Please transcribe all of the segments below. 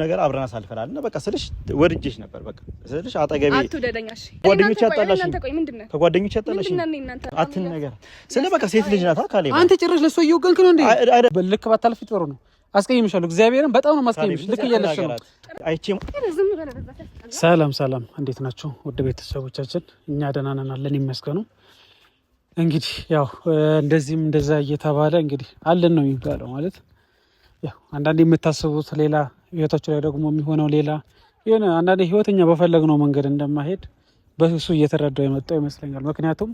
ነገር አብረን አሳልፈናል እና በቃ ስልሽ ወድጄሽ ነበር። በቃ ስልሽ አጠገቤ ጓደኞች ያጣላሽኝ ከጓደኞች ያጣላሽ አትን ነገር ስለ በቃ ሴት ልጅ ናት። ካሌ አንተ ጭራሽ ለእሱ እየወገንክ ነው እንዴ? ልክ ባታልፊ ጥሩ ነው። አስቀይምሻለሁ። እግዚአብሔርን በጣም ነው ማስቀይምሽ። ልክ እያለሽ ነው። ሰላም ሰላም፣ እንዴት ናቸው ውድ ቤተሰቦቻችን? እኛ ደህና ነን አለን ይመስገኑ። እንግዲህ ያው እንደዚህም እንደዛ እየተባለ እንግዲህ አለን ነው የሚባለው ማለት ያው አንዳንዴ የምታስቡት ሌላ ህይወታች ላይ ደግሞ የሚሆነው ሌላ የሆነ አንዳንዴ ህይወተኛ በፈለግነው መንገድ እንደማሄድ በሱ እየተረዳው የመጣው ይመስለኛል። ምክንያቱም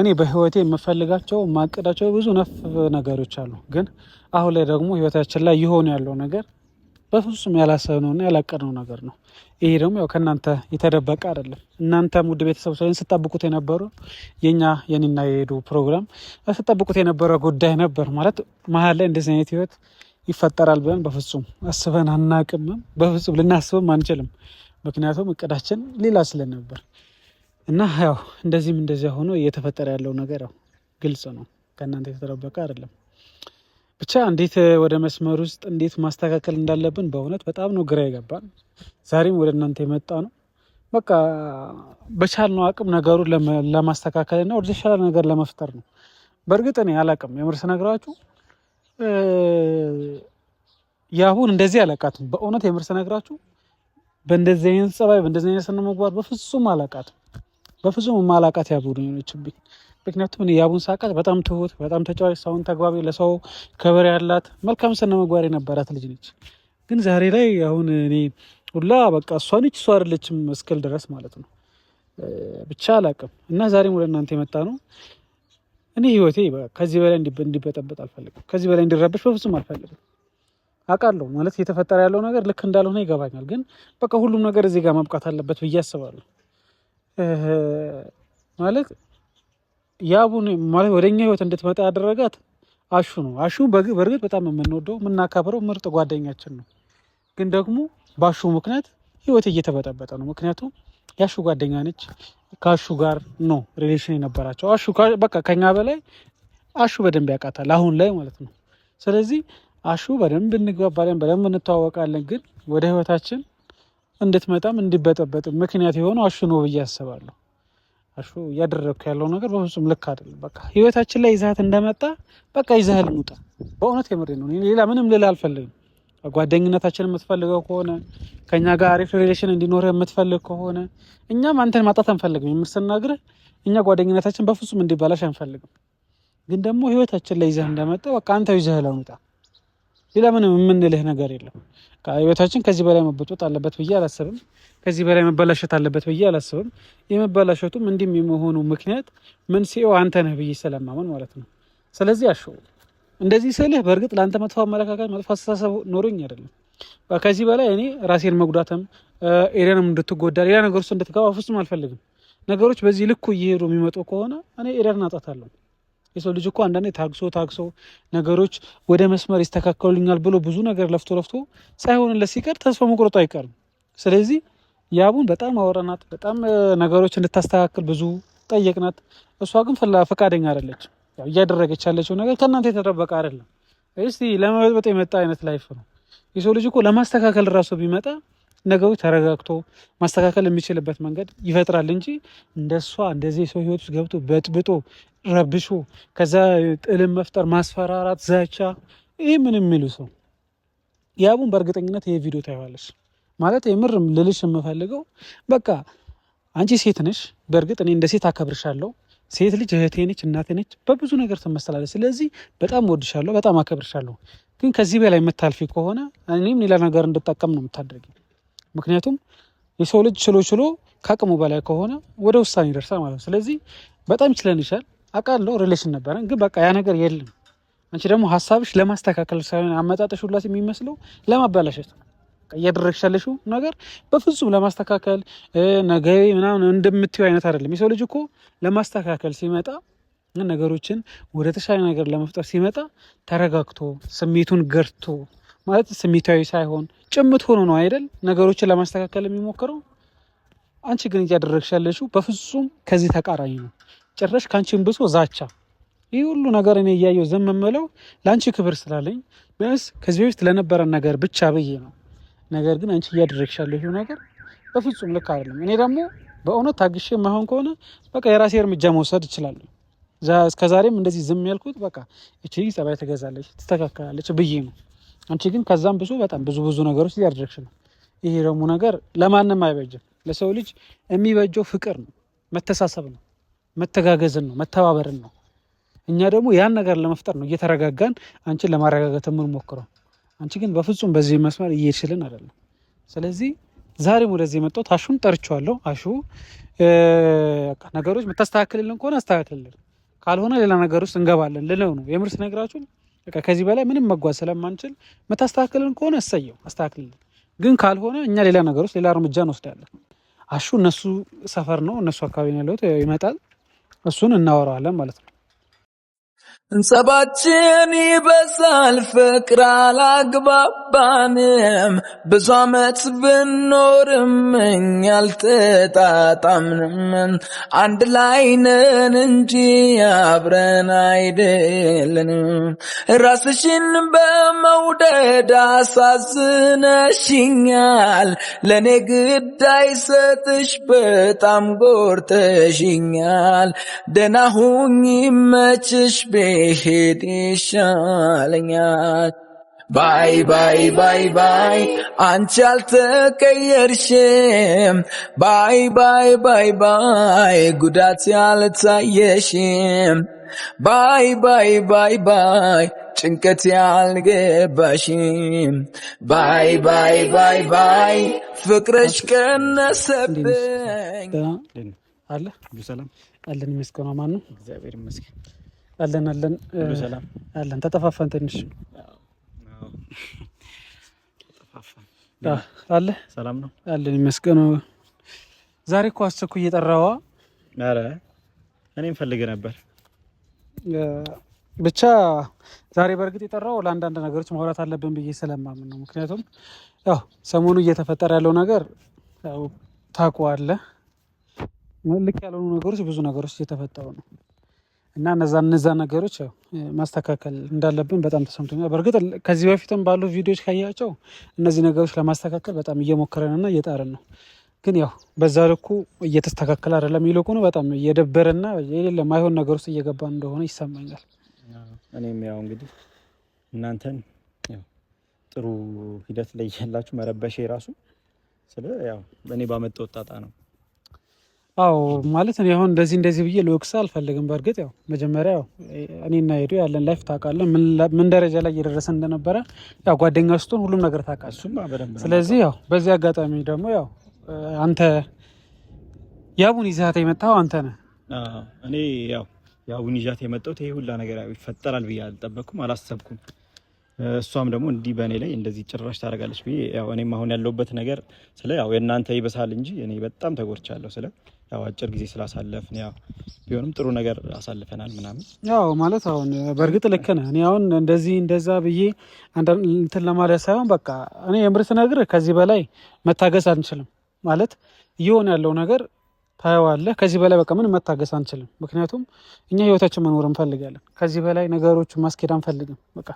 እኔ በህይወቴ የምፈልጋቸው የማቅዳቸው ብዙ ነፍ ነገሮች አሉ። ግን አሁን ላይ ደግሞ ህይወታችን ላይ ይሆን ያለው ነገር በፍጹም ያላሰብነውና ያላቀድነው ነገር ነው። ይሄ ደግሞ ያው ከእናንተ የተደበቀ አይደለም። እናንተም ውድ ቤተሰብ ሳይሆን ስጠብቁት የነበሩ የኛ የኔና የሄዱ ፕሮግራም ስጠብቁት የነበረ ጉዳይ ነበር ማለት መሀል ላይ እንደዚህ አይነት ህይወት ይፈጠራል ብለን በፍጹም አስበን አናቅምም፣ በፍጹም ልናስብም አንችልም። ምክንያቱም እቅዳችን ሌላ ስለነበር እና ያው እንደዚህም እንደዚያ ሆኖ እየተፈጠረ ያለው ነገር ያው ግልጽ ነው፣ ከእናንተ የተጠበቀ አይደለም። ብቻ እንዴት ወደ መስመር ውስጥ እንዴት ማስተካከል እንዳለብን በእውነት በጣም ነው ግራ ይገባል። ዛሬም ወደ እናንተ የመጣ ነው በቃ በቻልነው አቅም ነገሩን ለማስተካከልና ወደ ነገር ለመፍጠር ነው። በእርግጥ እኔ አላቅም የምርስ ነግራችሁ ያሁን እንደዚህ አላቃትም። በእውነት የምር ስነግራችሁ በእንደዚህ አይነት ጸባይ፣ በእንደዚህ አይነት ስነ ምግባር በፍጹም አላቃትም። በፍጹም የማላቃት ያቡን ሆነችብኝ። ምክንያቱም እኔ ያቡን ሳቃት በጣም ትሁት፣ በጣም ተጫዋች፣ ሰውን ተግባቢ፣ ለሰው ክብር ያላት መልካም ስነ ምግባር የነበራት ልጅ ነች። ግን ዛሬ ላይ አሁን እኔ ሁላ በቃ እሷ ነች እሷ አይደለችም እስክል ድረስ ማለት ነው ብቻ አላቅም እና ዛሬም ወደ እናንተ የመጣ ነው እኔ ህይወቴ ከዚህ በላይ እንዲበጠበጥ አልፈልግም። ከዚህ በላይ እንዲረብሽ በፍጹም አልፈልግም። አውቃለሁ ማለት እየተፈጠረ ያለው ነገር ልክ እንዳልሆነ ይገባኛል። ግን በቃ ሁሉም ነገር እዚህ ጋር ማብቃት አለበት ብዬ አስባለሁ። ማለት ያቡን ማለት ወደኛ ህይወት እንድትመጣ ያደረጋት አሹ ነው። አሹ በእርግጥ በጣም የምንወደው የምናከብረው ምርጥ ጓደኛችን ነው። ግን ደግሞ በአሹ ምክንያት ህይወት እየተበጠበጠ ነው። ምክንያቱም ያሹ ጓደኛ ነች፣ ከአሹ ጋር ነው ሪሌሽን የነበራቸው። አሹ በቃ ከኛ በላይ አሹ በደንብ ያውቃታል አሁን ላይ ማለት ነው። ስለዚህ አሹ በደንብ እንግባባለን፣ በደንብ እንተዋወቃለን። ግን ወደ ህይወታችን እንድትመጣም እንዲበጠበጥም ምክንያት የሆነው አሹ ነው ብዬ አስባለሁ። አሹ እያደረግኩ ያለው ነገር በፍጹም ልክ አይደለም። በቃ ህይወታችን ላይ ይዛት እንደመጣ በቃ ይዛህል እንውጣ። በእውነት የምሬ ነው። ሌላ ምንም ልል አልፈልግም። ጓደኝነታችን የምትፈልገው ከሆነ ከኛ ጋር አሪፍ ሪሌሽን እንዲኖር የምትፈልግ ከሆነ እኛም አንተን ማጣት አንፈልግም። የምስናግርህ እኛ ጓደኝነታችን በፍጹም እንዲበላሽ አንፈልግም። ግን ደግሞ ህይወታችን ላይ ይዘህ እንደመጣ በቃ አንተ ይዘህ ለውጣ። ሌላ ምንም የምንልህ ነገር የለም። ህይወታችን ከዚህ በላይ መበጦት አለበት ብዬ አላስብም። ከዚህ በላይ መበላሸት አለበት ብዬ አላስብም። የመበላሸቱም እንዲህ የመሆኑ ምክንያት መንስኤው አንተ ነህ ብዬ ስለማመን ማለት ነው። ስለዚህ አሸው እንደዚህ ስልህ በእርግጥ ለአንተ መጥፎ አመለካከት፣ መጥፎ አስተሳሰብ ኖሮኝ አይደለም። ከዚህ በላይ እኔ ራሴን መጉዳትም ኤሪያንም እንድትጎዳ ሌላ ነገር ውስጥ እንድትገባ ፍጹም አልፈልግም። ነገሮች በዚህ ልኩ እየሄዱ የሚመጡ ከሆነ እኔ ኤሪያን አጣታለሁ። የሰው ልጅ እኮ አንዳንዴ ታግሶ ታግሶ ነገሮች ወደ መስመር ይስተካከሉልኛል ብሎ ብዙ ነገር ለፍቶ ለፍቶ ሳይሆንለት ሲቀር ተስፋ መቁረጡ አይቀርም። ስለዚህ ያቡን በጣም አወራናት፣ በጣም ነገሮች እንድታስተካክል ብዙ ጠየቅናት። እሷ ግን ፈቃደኛ አይደለች። እያደረገች ያለችው ነገር ከእናንተ የተጠበቀ አይደለም። እስቲ ለመበጥበጥ የመጣ አይነት ላይፍ ነው። የሰው ልጅ እኮ ለማስተካከል ራሱ ቢመጣ ነገሮች ተረጋግቶ ማስተካከል የሚችልበት መንገድ ይፈጥራል እንጂ እንደሷ እንደዚህ የሰው ህይወት ውስጥ ገብቶ በጥብጦ ረብሾ ከዛ ጥልም መፍጠር፣ ማስፈራራት፣ ዛቻ ይህ ምን የሚሉ ሰው ያቡን በእርግጠኝነት ይህ ቪዲዮ ታይዋለች ማለት የምር ልልሽ የምፈልገው በቃ አንቺ ሴት ነሽ። በእርግጥ እኔ እንደ ሴት አከብርሻለሁ። ሴት ልጅ እህቴ ነች፣ እናቴ ነች፣ በብዙ ነገር ትመሰላለች። ስለዚህ በጣም ወድሻለሁ፣ በጣም አከብርሻለሁ። ግን ከዚህ በላይ የምታልፊ ከሆነ እኔም ሌላ ነገር እንድጠቀም ነው የምታደርጊ። ምክንያቱም የሰው ልጅ ችሎ ችሎ ከአቅሙ በላይ ከሆነ ወደ ውሳኔ ይደርሳል ማለት ነው። ስለዚህ በጣም ይችለንሻል፣ አቃለው ሪሌሽን ነበረን፣ ግን በቃ ያ ነገር የለም። አንቺ ደግሞ ሀሳብሽ ለማስተካከል ሳይሆን አመጣጠሽ ሁላት የሚመስለው ለማበላሸት ነው። በቃ ነገር በፍጹም ለማስተካከል ነገ ምናምን እንደምትዩ አይነት አይደለም። የሰው ልጅ እኮ ለማስተካከል ሲመጣ ነገሮችን ወደ ተሻለ ነገር ለመፍጠር ሲመጣ ተረጋግቶ ስሜቱን ገርቶ ማለት ስሜታዊ ሳይሆን ጭምት ሆኖ ነው አይደል ነገሮችን ለማስተካከል የሚሞክረው። አንቺ ግን እያደረግሽ በፍጹም ከዚህ ተቃራኝ ነው። ጭራሽ ከአንቺን ብሶ ዛቻ። ይህ ሁሉ ነገር እኔ እያየው ዝም የምለው ለአንቺ ክብር ስላለኝ ቢያንስ ከዚህ በፊት ለነበረን ነገር ብቻ ብዬ ነው። ነገር ግን አንቺ እያደረግሽ ያለው ነገር በፍጹም ልክ አይደለም። እኔ ደግሞ በእውነት ታግሼ የማይሆን ከሆነ በቃ የራሴ እርምጃ መውሰድ እችላለሁ። እስከዛሬም እንደዚህ ዝም ያልኩት በቃ እቺ ጸባይ ትገዛለች፣ ትስተካከላለች ብዬ ነው። አንቺ ግን ከዛም ብዙ በጣም ብዙ ብዙ ነገሮች እያደረግሽ ነው። ይሄ ደግሞ ነገር ለማንም አይበጅም። ለሰው ልጅ የሚበጀው ፍቅር ነው፣ መተሳሰብ ነው፣ መተጋገዝን ነው፣ መተባበርን ነው። እኛ ደግሞ ያን ነገር ለመፍጠር ነው እየተረጋጋን አንቺን ለማረጋጋት የምንሞክረው። አንቺ ግን በፍጹም በዚህ መስመር እየችልን አይደለም። ስለዚህ ዛሬም ወደዚህ የመጣሁት አሹን ጠርቼዋለሁ። አሹ ነገሮች የምታስተካክልልን ከሆነ አስተካክልልን፣ ካልሆነ ሌላ ነገር ውስጥ እንገባለን ልለው ነው የምርስ ነግራችሁን። በቃ ከዚህ በላይ ምንም መጓዝ ስለማንችል የምታስተካክልልን ከሆነ እሰየው፣ አስተካክልልን። ግን ካልሆነ እኛ ሌላ ነገር ውስጥ ሌላ እርምጃ እንወስዳለን። አሹ እነሱ ሰፈር ነው እነሱ አካባቢ ነው ያለሁት፣ ይመጣል። እሱን እናወራዋለን ማለት ነው። انسبت شيني بس الفكرة على አልተግባባንም ብዙ አመት ብኖርም እኛ አልተጣጣምንም። አንድ ላይ ነን እንጂ አብረን አይደለንም። ራስሽን በመውደድ አሳዝነሽኛል። ለእኔ ግድ አይሰጥሽ በጣም ጎርተሽኛል። ደናሁኝ መችሽ ይመችሽ ብሄድ ይሻለኛል። ባይ ባይ ባይ ባይ አንቺ አልተቀየርሽም። ባይ ባይ ባይ ባይ ጉዳት ያልታየሽም። ባይ ባይ ባይ ባይ ጭንቀት ያልገባሽም። ባይ ባይ ባይ ባይ ፍቅረሽ ቀነሰብኝ። አለ ሰላም አለን የሚስቀማ ማን ነው? እግዚአብሔር ይመስገን። አለን አለን አለን ተጠፋፋን ትንሽ አለ ሰላም ነው አለን ይመስገነው። ዛሬ እኮ አስቸኩ እየጠራዋ ኧረ እኔም ፈልገ ነበር። ብቻ ዛሬ በእርግጥ የጠራው ለአንዳንድ ነገሮች ማውራት አለብን ብዬ ስለማምን ነው። ምክንያቱም ያው ሰሞኑ እየተፈጠረ ያለው ነገር ታውቀዋለህ፣ ልክ ያልሆኑ ነገሮች ብዙ ነገሮች እየተፈጠሩ ነው። እና እነዛ እነዛ ነገሮች ማስተካከል እንዳለብን በጣም ተሰምቶኛል። በእርግጥ ከዚህ በፊትም ባሉ ቪዲዮዎች ካያቸው እነዚህ ነገሮች ለማስተካከል በጣም እየሞከረንና እየጣርን ነው። ግን ያው በዛ ልኩ እየተስተካከለ አይደለም። ይልቁኑ በጣም እየደበረና የሌለ ማይሆን ነገር ውስጥ እየገባን እንደሆነ ይሰማኛል። እኔም ያው እንግዲህ እናንተን ጥሩ ሂደት ላይ ያላችሁ መረበሽ ራሱ ስለ ያው እኔ ባመጣው ጣጣ ነው አዎ ማለት እኔ አሁን እንደዚህ እንደዚህ ብዬ ልወቅስ አልፈልግም። በእርግጥ ያው መጀመሪያ ያው እና ሄዱ ያለን ላይፍ ታውቃለህ፣ ምን ደረጃ ላይ እየደረሰ እንደነበረ ያው ጓደኛ ስትሆን ሁሉም ነገር ታውቃለህ። ስለዚህ ያው በዚህ አጋጣሚ ደግሞ ያው አንተ ያቡን ይዛት የመጣው አንተ ነህ። እኔ ያው ያቡን ይዣት የመጣሁት ይሄ ሁላ ነገር ይፈጠራል ብዬ አልጠበቅኩም፣ አላሰብኩም። እሷም ደግሞ እንዲህ በእኔ ላይ እንደዚህ ጭራሽ ታደርጋለች ብዬ ያው እኔም አሁን ያለሁበት ነገር ስለ ያው የእናንተ ይበሳል እንጂ እኔ በጣም ተጎድቻለሁ ስለ ያው አጭር ጊዜ ስላሳለፍን ያው ቢሆንም ጥሩ ነገር አሳልፈናል ምናምን። ያው ማለት አሁን በእርግጥ ልክ ነህ። እኔ አሁን እንደዚህ እንደዛ ብዬ እንትን ለማለት ሳይሆን በቃ እኔ የምር ስነግርህ ከዚህ በላይ መታገስ አንችልም። ማለት እየሆነ ያለው ነገር ታየዋለህ። ከዚህ በላይ በቃ ምን መታገስ አንችልም። ምክንያቱም እኛ ህይወታችን መኖር እንፈልጋለን። ከዚህ በላይ ነገሮች ማስኬድ አንፈልግም። በቃ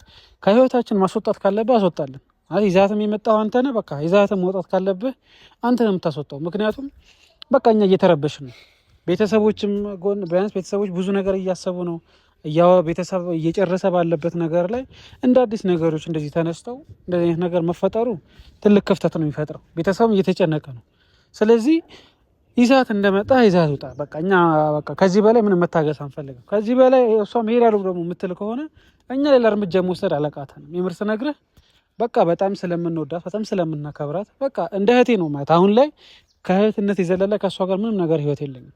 ከህይወታችን ማስወጣት ካለብህ አስወጣለን። ይዛትም የመጣው አንተነህ በቃ ይዛትም መውጣት ካለብህ አንተ ነው የምታስወጣው ምክንያቱም በቃ እኛ እየተረበሽን ነው። ቤተሰቦችም ጎን ቢያንስ ቤተሰቦች ብዙ ነገር እያሰቡ ነው። ያው ቤተሰብ እየጨረሰ ባለበት ነገር ላይ እንደ አዲስ ነገሮች እንደዚህ ተነስተው እንደዚህ አይነት ነገር መፈጠሩ ትልቅ ክፍተት ነው የሚፈጥረው። ቤተሰብም እየተጨነቀ ነው። ስለዚህ ይዛት እንደመጣ ይዛት ውጣ። በቃ እኛ በቃ ከዚህ በላይ ምንም መታገስ አንፈልግም። ከዚህ በላይ እሷም መሄድ አሉ ደግሞ የምትል ከሆነ እኛ ሌላ እርምጃ መውሰድ አለቃተንም። የምር ስነግርህ በቃ በጣም ስለምንወዳት በጣም ስለምናከብራት በቃ እንደ እህቴ ነው ማለት አሁን ላይ ከእህትነት የዘለለ ከእሷ ጋር ምንም ነገር ህይወት የለኝም።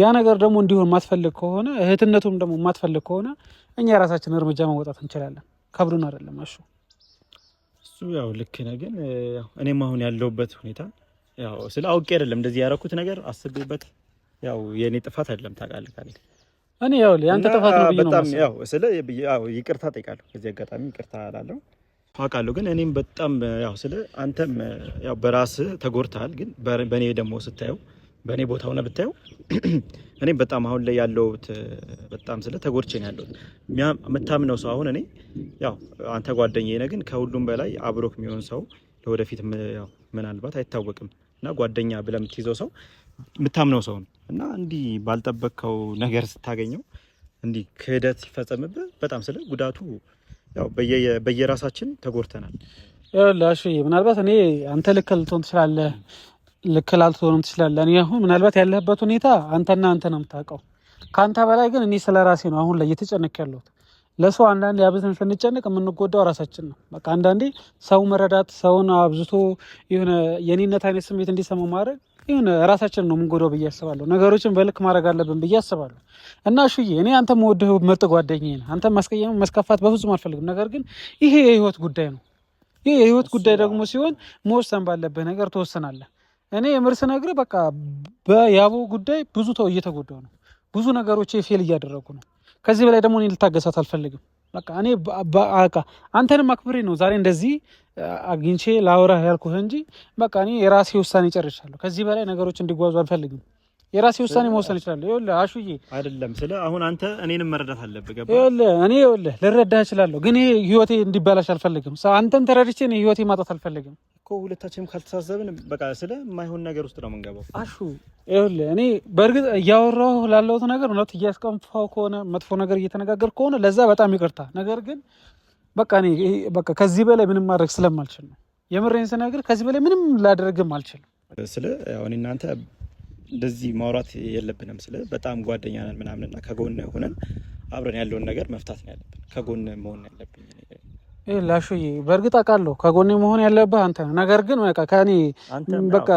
ያ ነገር ደግሞ እንዲሆን ማትፈልግ ከሆነ እህትነቱም ደግሞ ማትፈልግ ከሆነ እኛ የራሳችን እርምጃ መወጣት እንችላለን። ከብዱን አይደለም እሱ እሱ ያው ልክ ነህ። ግን እኔም አሁን ያለሁበት ሁኔታ ያው ስለ አውቄ አይደለም እንደዚህ ያደረኩት ነገር አስቤበት ያው የእኔ ጥፋት አይደለም ታውቃለህ ካለኝ እኔ ያው ያንተ ጥፋት ነው ብዬ ነው። ስለ ያው ይቅርታ ጠይቃለሁ። ከዚህ አጋጣሚ ይቅርታ እላለሁ። አውቃለሁ ግን እኔም በጣም ያው ስለ አንተም ያው በራስ ተጎድተሃል። ግን በእኔ ደግሞ ስታየው በእኔ ቦታ ሆነ ብታየው እኔም በጣም አሁን ላይ ያለሁት በጣም ስለ ተጎድቼ ነው ያለሁት። የምታምነው ሰው አሁን እኔ ያው አንተ ጓደኛዬ ነህ፣ ግን ከሁሉም በላይ አብሮክ የሚሆን ሰው ለወደፊት ምናልባት አይታወቅም እና ጓደኛ ብለህ የምትይዘው ሰው የምታምነው ሰው ነው እና እንዲህ ባልጠበቅከው ነገር ስታገኘው እንዲህ ክህደት ሲፈጸምብህ በጣም ስለ ጉዳቱ ያው በየራሳችን ተጎድተናል። ላሽ ምናልባት እኔ አንተ ልክ ልትሆን ትችላለህ፣ ልክ ላልትሆንም ትችላለህ። እኔ አሁን ምናልባት ያለህበት ሁኔታ አንተና አንተ ነው የምታውቀው። ከአንተ በላይ ግን እኔ ስለ ራሴ ነው አሁን ላይ እየተጨነቅ ያለሁት። ለሰው አንዳንዴ አብዝተን ስንጨነቅ የምንጎዳው ራሳችን ነው። በቃ አንዳንዴ ሰው መረዳት፣ ሰውን አብዝቶ የሆነ የኔነት አይነት ስሜት እንዲሰማው ማድረግ የሆነ ራሳችን ነው የምንጎዳው ብዬ አስባለሁ። ነገሮችን በልክ ማድረግ አለብን ብዬ አስባለሁ። እና እሹዬ እኔ አንተ መወድህ ምርጥ ጓደኛዬ ነህ። አንተ ማስቀየም መስከፋት በፍጹም አልፈልግም። ነገር ግን ይሄ የህይወት ጉዳይ ነው። ይሄ የህይወት ጉዳይ ደግሞ ሲሆን መወሰን ባለብህ ነገር ትወስናለህ። እኔ የምር ስነግርህ በቃ በያቦ ጉዳይ ብዙ ተው እየተጎዳው ነው። ብዙ ነገሮች ፌል እያደረጉ ነው። ከዚህ በላይ ደግሞ እኔ ልታገሳት አልፈልግም። በቃ እኔ በቃ አንተንም አክብሬ ነው ዛሬ እንደዚህ አግኝቼ ላውራህ ያልኩህ እንጂ በቃ እኔ የራሴ ውሳኔ ጨርሻለሁ። ከዚህ በላይ ነገሮች እንዲጓዙ አልፈልግም። የራሴ ውሳኔ መወሰን እችላለሁ። ይኸውልህ አሹዬ፣ አይደለም ስለ አሁን አንተ እኔንም መረዳት አለብህ። ገባ? ይኸውልህ እኔ ይኸውልህ ልረዳህ እችላለሁ፣ ግን ይሄ ህይወቴ እንዲበላሽ አልፈልግም። አንተን ተረድቼ እኔ ህይወቴ ማጣት አልፈልግም እኮ። ሁለታችንም ካልተሳሰብን በቃ ስለ የማይሆን ነገር ውስጥ ነው የምንገባው። አሹ፣ ይኸውልህ እኔ በእርግጥ እያወራሁ ላለሁት ነገር እውነት እያስቀንፋው ከሆነ መጥፎ ነገር እየተነጋገር ከሆነ ለዛ በጣም ይቅርታ። ነገር ግን በቃ እኔ በቃ ከዚህ በላይ ምንም ማድረግ ስለማልችል ነው የምሬን ስነግርህ፣ ከዚህ በላይ ምንም ላደረግም አልችልም። ስለ አሁን እናንተ እንደዚህ ማውራት የለብንም። ስለ በጣም ጓደኛ ነን ምናምንና ከጎን ሆነን አብረን ያለውን ነገር መፍታት ነው ያለብን። ከጎን መሆን ያለብኝ ላሹዬ፣ በእርግጥ አውቃለሁ ከጎን መሆን ያለብህ አንተ። ነገር ግን በቃ ከኔ በቃ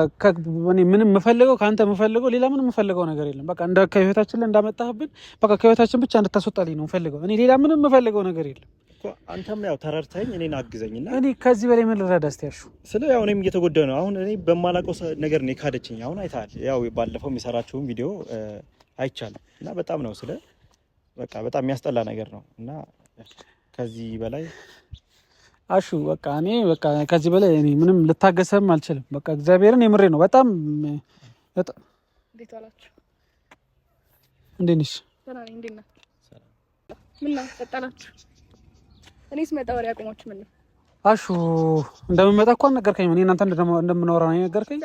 ምንም የምፈልገው ከአንተ የምፈልገው ሌላ ምንም የምፈልገው ነገር የለም። በቃ እንደ ከህይወታችን ላይ እንዳመጣህብን በቃ ከህይወታችን ብቻ እንድታስወጣልኝ ነው የምፈልገው። እኔ ሌላ ምንም የምፈልገው ነገር የለም። አንተም ያው ተረድተኝ እኔን አግዘኝ እና እኔ ከዚህ በላይ ምን ልረዳ ስቲያሹ ስለ ያው እኔም እየተጎዳ ነው። አሁን እኔ በማላውቀው ነገር ነው የካደችኝ። አሁን አይተሃል፣ ያው ባለፈው የሰራችውን ቪዲዮ አይቻልም እና በጣም ነው ስለ በቃ በጣም የሚያስጠላ ነገር ነው እና ከዚህ በላይ አሹ በቃ እኔ በቃ ከዚህ በላይ እኔ ምንም ልታገሰም አልችልም። በቃ እግዚአብሔርን የምሬ ነው። በጣም እንዴት ነሽ? እኔ ስመጣ ወሬ አቁሞች ምን ነው አሹ እንደምመጣ እኮ አልነገርከኝም። እኔ እናንተ እንደምናወራ ነው የነገርከኝ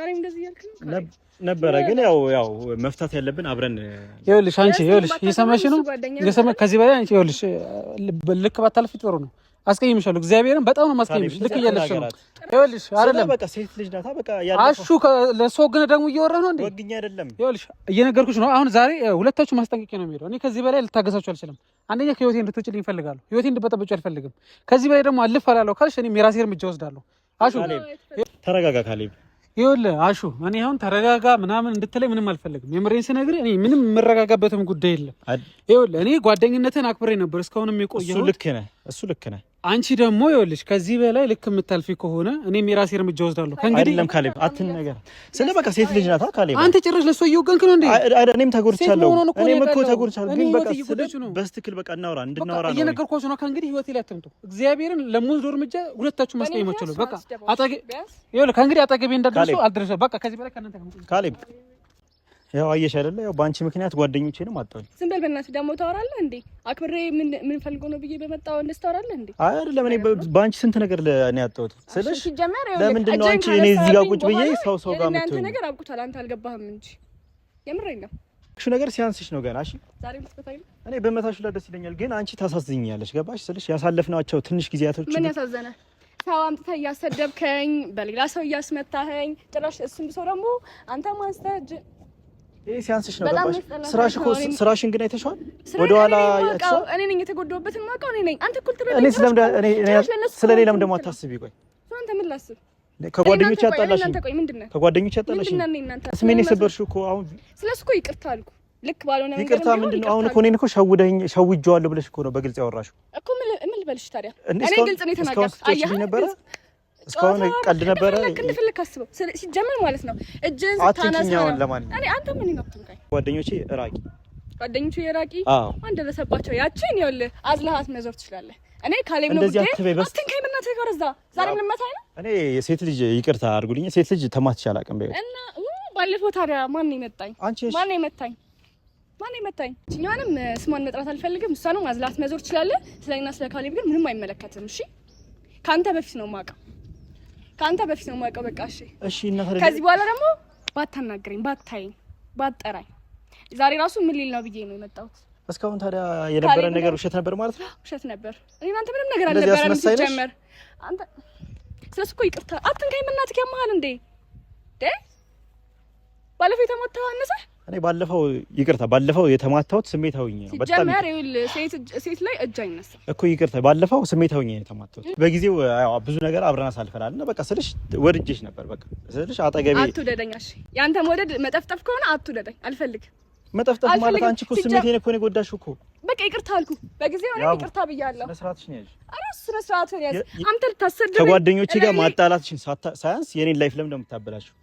ነበረ። ግን ያው ያው መፍታት ያለብን አብረን። ይኸውልሽ አንቺ ይኸውልሽ እየሰማሽ ነው። ከዚህ በላይ አንቺ ይኸውልሽ ልክ ባታልፊ ጥሩ ነው። አስቀይምሻለሁ። እግዚአብሔርን በጣም ነው ማስቀይምሽ። ልክ እያለሽ ነው። ይኸውልሽ አይደለም በቃ ሴት ልጅ ናታ። በቃ ያለ አሹ ለሶ ወገነ ደግሞ እየወራ ነው እንዴ? ወግኛ አይደለም። ይኸውልሽ እየነገርኩሽ ነው። አሁን ዛሬ ሁለታችሁ ማስጠንቀቂያ ነው የሚሄደው። እኔ ከዚህ በላይ ልታገሳችሁ አልችልም። አንደኛ ከህይወቴ እንድትወጪልኝ እፈልጋለሁ። ህይወቴ እንድበጠበጭ አልፈልግም። ከዚህ በላይ ደግሞ አልፍ አላለሁ ካልሽ እኔ የራሴ እርምጃ ወስዳለሁ። አሹ ተረጋጋ ካሌብ። ይኸውልህ አሹ እኔ አሁን ተረጋጋ ምናምን እንድትለኝ ምንም አልፈልግም። የምሬን ስነግርህ እኔ ምንም የምረጋጋበትም ጉዳይ የለም። ይኸውልህ እኔ ጓደኝነትን አክብሬ ነበር እስካሁንም የቆየሁት። እሱ ልክ ነህ፣ እሱ ልክ ነህ አንቺ ደግሞ ይኸውልሽ ከዚህ በላይ ልክ የምታልፊ ከሆነ እኔም የራሴ እርምጃ ወስዳለሁ። ከእንግዲህ ካሌብ አትን ነገር ስለ በቃ ሴት ልጅ ናታ ካሌብ፣ አንተ ጭራሽ ለእሷ እየወገንክ ነው እንዴ? እኔም ተጎድቻለሁ፣ እኔም እኮ ተጎድቻለሁ። ግን በቃ በስትክል በቃ እናውራ እንድናወራ ነው እየነገርኳችሁ ነው። ከእንግዲህ ህይወቴ ላይ አትምጡ። እግዚአብሔርን ለምወስደው እርምጃ ሁለታችሁ ማስቀየማችሁ ነው። በቃ አጠገቤ ይኸውልህ ከእንግዲህ አጠገቤ እንዳትደርሱ አልደረሰ በቃ ከዚህ በላይ ከእናንተ ካሌብ ያው አየሽ አይደለ? ያው ባንቺ ምክንያት ጓደኞቼንም አጣሁኝ። ዝም በል በእናትህ። ደግሞ ታወራለህ እንዴ? አክብሬ ምን ምን ፈልጎ ነው ብዬ በመጣው እንደስ ታወራለህ እንዴ? አይ አይደለም። እኔ ባንቺ ስንት ነገር ለኔ አጣሁት ስለሽ፣ ለምንድን ነው አንቺ እኔ እዚህ ጋር ቁጭ ብዬ ሰው ሰው ጋር ምትሆኝ? አንተ ነገር አብቁታል። አንተ አልገባህም እንጂ የምሬን ነው። እሺ ነገር ሲያንስሽ ነው ገና። እሺ ዛሬ ምትፈታኝ እኔ በመታሽ ላይ ደስ ይለኛል፣ ግን አንቺ ታሳዝኛለሽ። ገባሽ ስልሽ ያሳለፍናቸው ትንሽ ጊዜያቶች ምን ያሳዘነ ሰው አምጥተህ እያሰደብከኝ፣ በሌላ ሰው እያስመታኸኝ፣ ጭራሽ እሱም ሰው ደግሞ አንተ ማስተጅ ይሄ ሲያንስሽ ነው። ገባሽ? ስራሽ እኮ ስራሽ እንግዲህ አይተሽዋል። ወደ ኋላ እኔ ነኝ የተጎዳሁበትን የማውቀው እኔ ነኝ። አንተ እኩል ትበላለህ። እኔ ስለምደ እኔ ስለሌላ ለምን ደግሞ አታስቢ? ቆይ አንተ ምን ላስብ? ከጓደኞች ያጣላሽኝ፣ ከጓደኞች ያጣላሽኝ ስሜን የሰበርሽው እኮ አሁን። ስለሱ እኮ ይቅርታ አልኩ። ልክ ባልሆነ ነገር ይቅርታ ምንድን አሁን? እኮ እኔን እኮ ሸውደኝ ሸውጀዋለሁ ብለሽ እኮ ነው በግልጽ ያወራሽው እኮ። ምን ልበልሽ ታዲያ? እኔ ግልጽ ነው የተናገርኩት። አየህ ነበረ እስካሁን ቀልድ ነበረ። ሲጀመር ማለት ነው። እጅን ስታነሳ ለማን እኔ አንተ ምን ነው ጓደኞቼ እራቂ ጓደኞቹ የራቂ አንድ ደረሰባቸው። ያቺን ይኸውልህ አዝለሃት መዞር ትችላለህ። እኔ ካሌብ ነው ብዬ አትንካኝ፣ በእናትህ ጋር እዛ ዛሬ ልመታኝ ነው። እኔ የሴት ልጅ ይቅርታ አድርጉልኝ፣ ሴት ልጅ ተማትቼ አላውቅም። በይው እና ባለፈው ታዲያ ማን ነው የመታኝ? ማን ነው የመታኝ? ማን ነው የመታኝ? እኛንም ስሟን መጥራት አልፈልግም። እሷንም አዝለሃት መዞር ትችላለህ። ስለኛ ስለ ካሌብ ግን ምንም አይመለከትም። እሺ ካንተ በፊት ነው የማውቀው ከአንተ በፊት ነው የማውቀው። በቃ እሺ፣ እሺ። ከዚህ በኋላ ደግሞ ባታናግረኝ፣ ባታይኝ፣ ባጠራኝ ዛሬ ራሱ ምን ሊል ነው ብዬ ነው የመጣሁት። እስካሁን ታዲያ የነበረ ነገር ውሸት ነበር ማለት ነው? ውሸት ነበር። እኔ እናንተ ምንም ነገር አልነበረንም ሲጀመር። አንተ ስለሱ እኮ ይቅርታ አትንካኝ፣ ምናትክ ያመሃል እንዴ? ባለፈው የተመታ አነሰህ እኔ ባለፈው ይቅርታ፣ ባለፈው የተማታሁት ስሜታዊ ነው። በጣም ሴት ላይ እጅ አይነሳም እኮ ይቅርታ፣ ባለፈው ስሜታዊ ነው የተማታሁት። በጊዜው ብዙ ነገር አብረን አሳልፈናል እና በቃ ስልሽ ወድጄሽ ነበር። በቃ ስልሽ አጠገቤ አትውደደኝ። እሺ፣ ያንተ መውደድ መጠፍጠፍ ከሆነ አትውደደኝ፣ አልፈልግም። መጠፍጠፍ ማለት አንቺ እኮ ስሜቴን እኮ ነው የጎዳሽው እኮ። በቃ ይቅርታ አልኩ፣ በጊዜው እኔ ይቅርታ ብያለሁ። ስነ ነው ያዥ። ኧረ ስነ አንተ ልታሰደኝ ከጓደኞቼ ጋር ማጣላትሽን ሳያንስ የኔን ላይፍ ለምን እንደምታበላሽው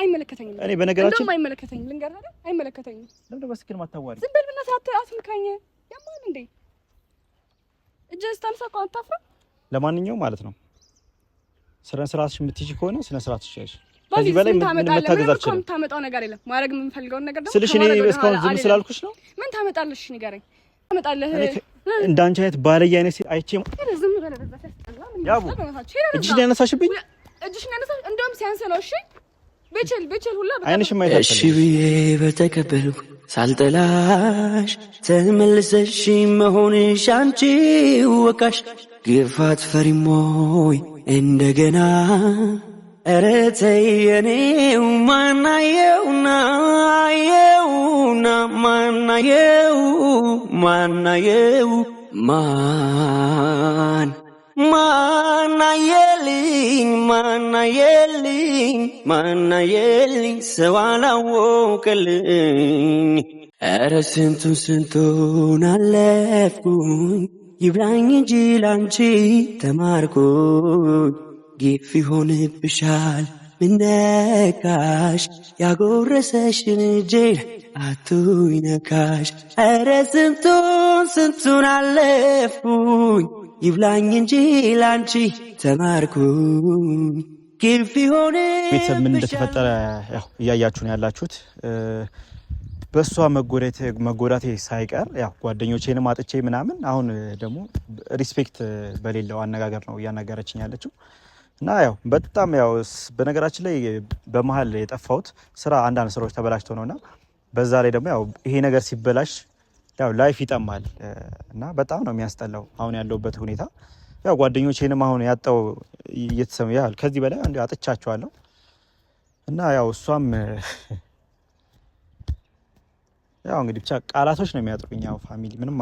አይመለከተኝም። እኔ በነገራችን እንደውም አይመለከተኝም። ልንገርህ አይደል? አይመለከተኝም። ለምን በስልክ ማታዋሪ? ዝም በል ብለህ አትምካኝ። ያማን እንዴ እጅህ ስታነሳ እኮ አታፍርም። ለማንኛውም ማለት ነው ስነ ስርዓትሽ የምትይዥ ከሆነ ስነ ስርዓት ትሻይሽ። ከዚህ በላይ ምን ታመጣው ነገር የለም። ማድረግ የምንፈልገውን ነገር ደግሞ ስልሽ እኔ እስካሁን ዝም ስላልኩሽ ነው። ምን ታመጣለሽ? ንገረኝ። ታመጣለህ እንዳንቺ አይነት ባለየ አይነት ሴት አይቼ ዝም በለ። ያቡ እጅሽ ያነሳሽብኝ፣ እጅሽ ያነሳሽ እንደውም ሲያንስ ነው። እሺ ብችል ብዬ በተቀበልኩ ሳልጠላሽ ተመልሰሽ መሆንሽ አንቺ ወቃሽ ግፋት ፈሪሞይ እንደገና ረተይ የኔው ማናየውና ማናየው ማናየው ማን ማና የልኝ ማና የልኝ ማና የልኝ ሰው አላወቀልኝ ኧረ ስንቱን ስንቱን አለፍኩኝ ይብላኝ እንጂ ላንቺ ተማርኩኝ ግፍ ይሆንብሻል ምነካሽ ያጎረሰሽን እጄን አትነካሽ ኧረ ስንቱን ስንቱን አለፍኩኝ ይብላኝ እንጂ ላንቺ ተማርኩ ግፍ ሆነ። ቤተሰብ ምን እንደተፈጠረ እያያችሁ ነው ያላችሁት። በእሷ መጎዳቴ ሳይቀር ያው ጓደኞቼንም አጥቼ ምናምን፣ አሁን ደግሞ ሪስፔክት በሌለው አነጋገር ነው እያናገረችኝ ያለችው እና ያው በጣም ያው በነገራችን ላይ በመሀል የጠፋሁት ስራ አንዳንድ ስራዎች ተበላሽተው እና በዛ ላይ ደግሞ ያው ይሄ ነገር ሲበላሽ ያው ላይፍ ይጠማል እና በጣም ነው የሚያስጠላው አሁን ያለውበት ሁኔታ። ያው ጓደኞቼንም አሁን ያጣው እየተሰሙ ያህል ከዚህ በላይ አንዱ አጥቻቸዋለሁ እና ያው እሷም ያው እንግዲህ ብቻ ቃላቶች ነው የሚያጥሩኝ። ያው ፋሚሊ ምንም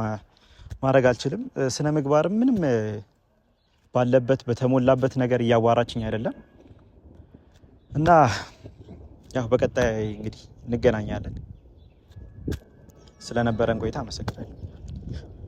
ማድረግ አልችልም። ስነ ምግባርም ምንም ባለበት በተሞላበት ነገር እያዋራችኝ አይደለም እና ያው በቀጣይ እንግዲህ እንገናኛለን። ስለነበረን ቆይታ አመሰግናለሁ።